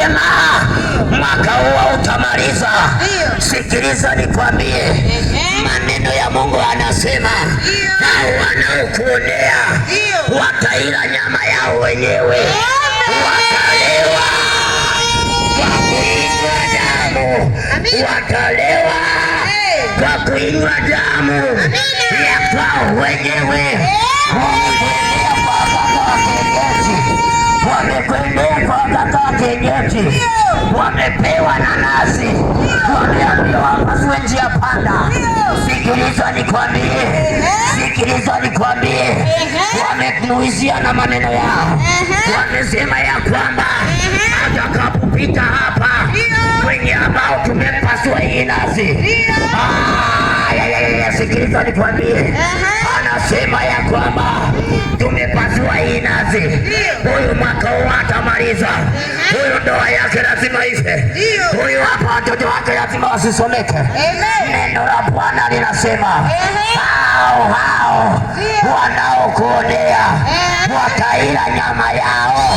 tena mwaka huo utamaliza. Sikiliza nikwambie, maneno ya Mungu anasema hao wanaokuonea wataila nyama yao wenyewe, watalewa kwa kuinywa damu, watalewa kwa kuinywa damu ya kwao wenyewe. geti, wamepewa nanasi, wameambiwa wapasue njia panda. Sikiliza nikwambie, sikiliza nikwambie, wamekuizia na maneno yao, wamesema ya kwamba atakapopita hapa kwenye ambao tumepasua hii nazi. Ah, sikiliza nikwambie huyu mwaka huu atamaliza, huyu ndoa yake lazima ife, huyu hapa watoto wake lazima wasisomeke. Neno la Bwana linasema hao hao wanaokuonea wataila nyama yao